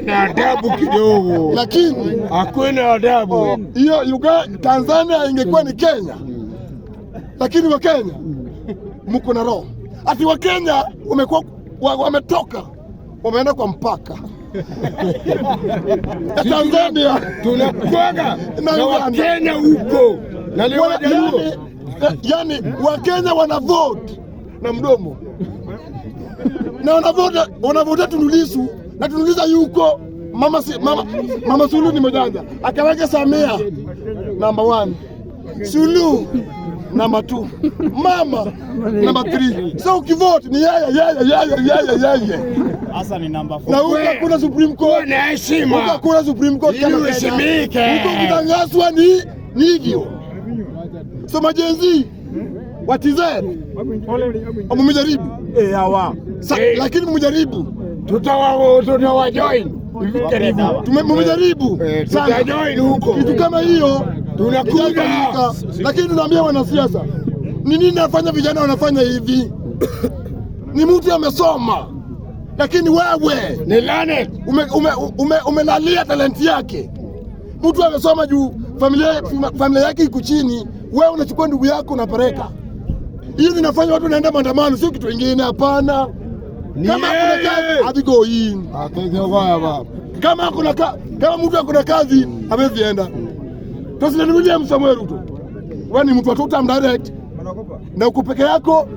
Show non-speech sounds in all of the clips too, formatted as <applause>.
na adabu kidogo, lakini hakuna adabu hiyo. Tanzania ingekuwa ni Kenya, lakini Wakenya mko na roho ati Wakenya wamekuwa wametoka wameenda kwa mpaka ya <laughs> Tanzania tunakwaga na Wakenya huko na leo yani, yani Wakenya wana vote na mdomo na wanavote wanavote Tundu Lissu na tuliuliza yuko mama, si, mama, mama Sulu ni mjanja akaweka Samia namba one Sulu namba two mama namba three so ukivote ni yeye yeye yeye yeye hasa ni namba 4 na huko kuna Supreme Court na heshima huko kuna Supreme Court kama heshimike uko kutangazwa ni ni hivyo so majenzi watizeni wamejaribu eh hawa eh. lakini mumejaribu tutawa eh, huko kitu kama hiyo tunakuja, lakini tunaambia wanasiasa ni nini nafanya, vijana wanafanya hivi <coughs> ni mtu amesoma, lakini wewe umelalia talenti yake. Mtu amesoma juu familia, familia yake iko chini, wewe unachukua ndugu yako unapeleka. Hiyo inafanya watu naenda maandamano, sio kitu kingine, hapana. Kama kuna kazi atiko yin. Kama kuna kama mtu akuna kazi hawezi enda. President William Samuel Ruto. Wewe ni mtu wa total direct. Na uko peke yako.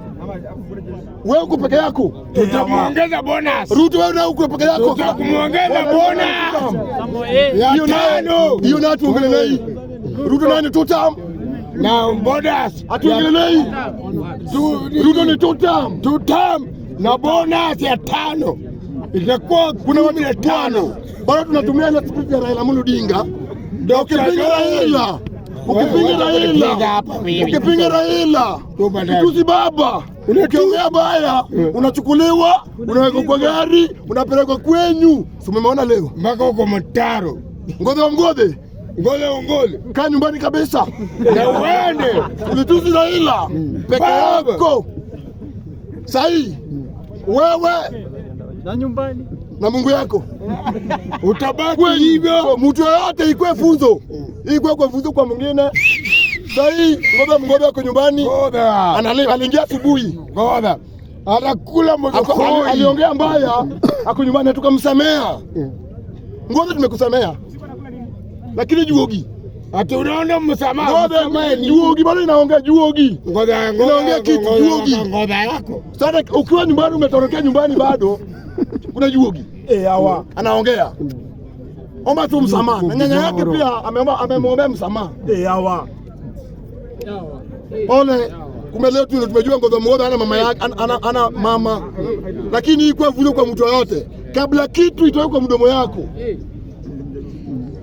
Wewe uko peke yako. tutamuongeza bonus. Ruto wewe na uko peke yako. tutamuongeza bonus. Hiyo nayo. Hiyo nayo tuongelee. Ruto nani total? Na bonus. atuongele Atuongelee. Ruto ni total. Total na bonus ya tano itakuwa kuna wamia tano bado tunatumia na spiti ya Raila Amolo Odinga. Ndio ukipinga Raila, ukipinga Raila, ukipinga Raila kitusi baba, unakiongea baya, eh. unachukuliwa, unawekwa kwa gari, unapelekwa kwenyu. Si umeona leo mpaka uko mtaro ngozi wa mgodhe ngole ongole kaa nyumbani kabisa na uende ulitusi Raila mm. peke yako sahii wewe na nyumbani na Mungu yako <laughs> utabaki hivyo. Mtu yoyote ikwe funzo, ikwe kwa funzo kwa mwingine. Sahii ngoda mgoda wako nyumbani aliingia asubuhi, anakula atakula aliongea mbaya, ako nyumbani, tukamsamea mm. ngoda, tumekusamea lakini juogi Ati unaona msamaha. Ngoja mimi juogi bado inaongea juogi. Ngoja ngoja. Inaongea kitu juogi. Ngoja yako. Sasa ukiwa nyumbani umetorokea nyumbani bado kuna juogi. Eh, hawa anaongea. Omba tu msamaha. Na nyanya yake pia ameomba amemwombea msamaha. Eh, hawa. Hawa. Pole. Kumbe leo tu tumejua ngoza mgoza ana mama yake ana, ana mama. Lakini ikuwa vile kwa mtu yote. kabla kitu itoe kwa mdomo yako.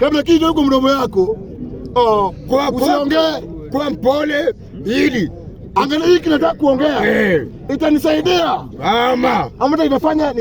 Kabla kitu itoe kwa mdomo yako Oh, usiongee kwa mpole, ili angalia hiki nataka kuongea eh. itanisaidia ama itafanya